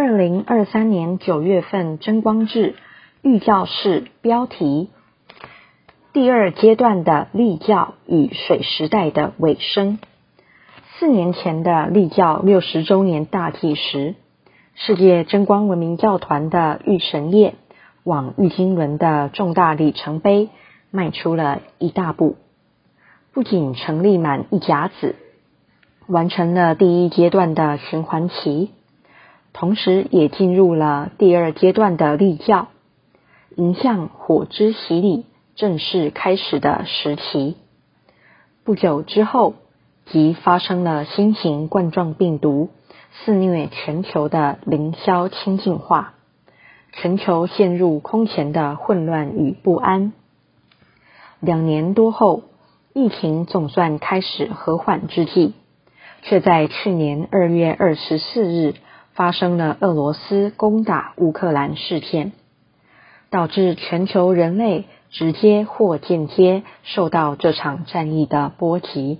二零二三年九月份日，真光誌御教示標題：第二階段的立教與水時代的尾聲。四年前的立教六十周年大祭時，世界真光文明教團的御神業，往御經綸的重大里程碑邁出了一大步。不僅成立滿一甲子，完成了第一階段的循環期。同時也進入了第二階段的立教，迎向火之洗禮正式開始的時期。不久之後，即發生了新型冠狀病毒肆虐全球的凌霄清淨化，全球陷入空前的混亂與不安。兩年多後，疫情總算開始和緩之際，卻在去年二月二十四日，發生了俄羅斯攻打烏克蘭事件，導致全球人類直接或間接受到這場戰役的波及。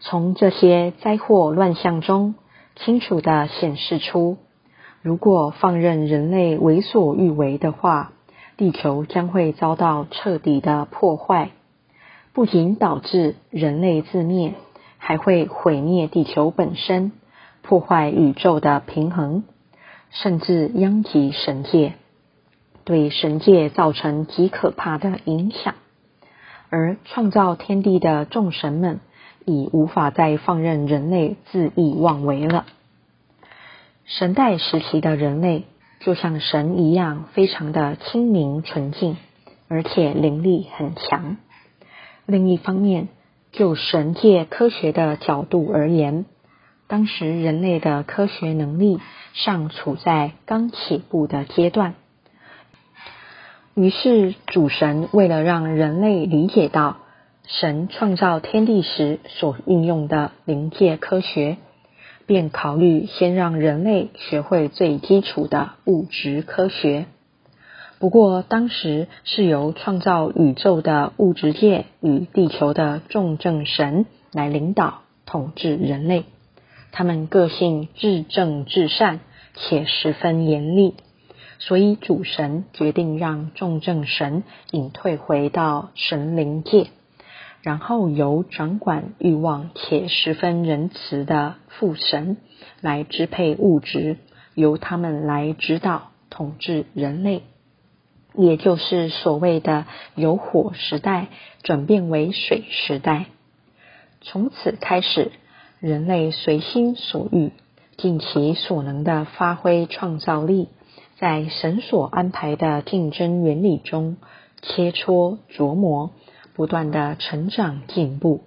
從這些災禍亂象中，清楚地顯示出，如果放任人類為所欲為的話，地球將會遭到徹底的破壞，不僅導致人類自滅，還會毀滅地球本身。破壞宇宙的平衡，甚至殃及神界，對神界造成極可怕的影響。而創造天地的眾神們已無法再放任人類恣意妄為了。神代時期的人類，就像神一樣，非常的清明純淨，而且靈力很強。另一方面，就神界科學的角度而言，當時人類的科學能力尚處在剛起步的階段，於是主神為了讓人類理解到神創造天地時所運用的靈界科學，便考慮先讓人類學會最基礎的物質科學。不過當時是由創造宇宙的物質界與地球的重症神來領導統治人類。他們個性至正至善，且十分嚴厲，所以主神決定讓眾正神隱退回到神靈界，然後由掌管欲望且十分仁慈的父神來支配物質，由他們來指導統治人類，也就是所謂的由火時代轉變為水時代，從此開始。人類隨心所欲，盡其所能的發揮創造力，在神所安排的競爭原理中切磋琢磨，不斷的成長進步，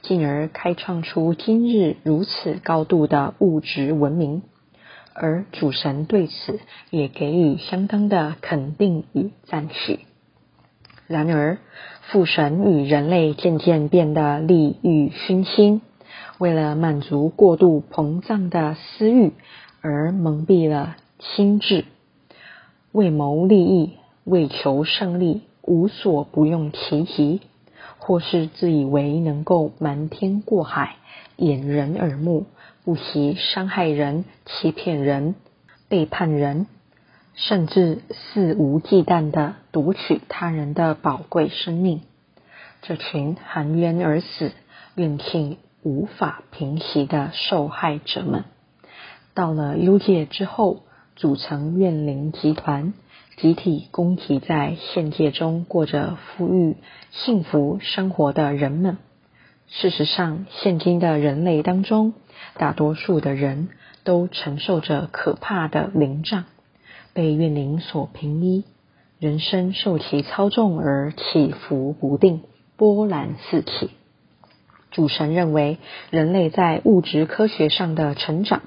進而開創出今日如此高度的物質文明。而主神對此也給予相當的肯定與讚許。然而，父神與人類漸漸變得利欲熏心。為了滿足過度膨脹的私慾而蒙蔽了心智，為謀利益、為求勝利，無所不用其極；或是自以為能夠瞞天過海、掩人耳目，不惜傷害人、欺騙人、背叛人，甚至肆無忌憚的奪取他人的寶貴生命。這群含冤而死、怨氣無法平息的受害者們，到了幽界之後，組成怨靈集團，集體攻擊在現界中過着富裕幸福生活的人們。事實上，現今的人類當中，大多數的人都承受着可怕的靈障，被怨靈所憑依，人生受其操縱而起伏不定，波瀾四起。主神認為，人類在物質科學上的成長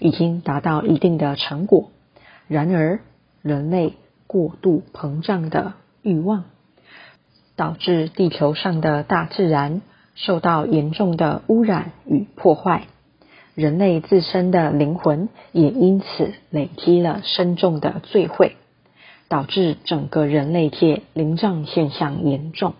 已經達到一定的成果。然而，人類過度膨脹的欲望，導致地球上的大自然受到嚴重的污染與破壞，人類自身的靈魂也因此累積了深重的罪穢，導致整個人類界靈障現象嚴重。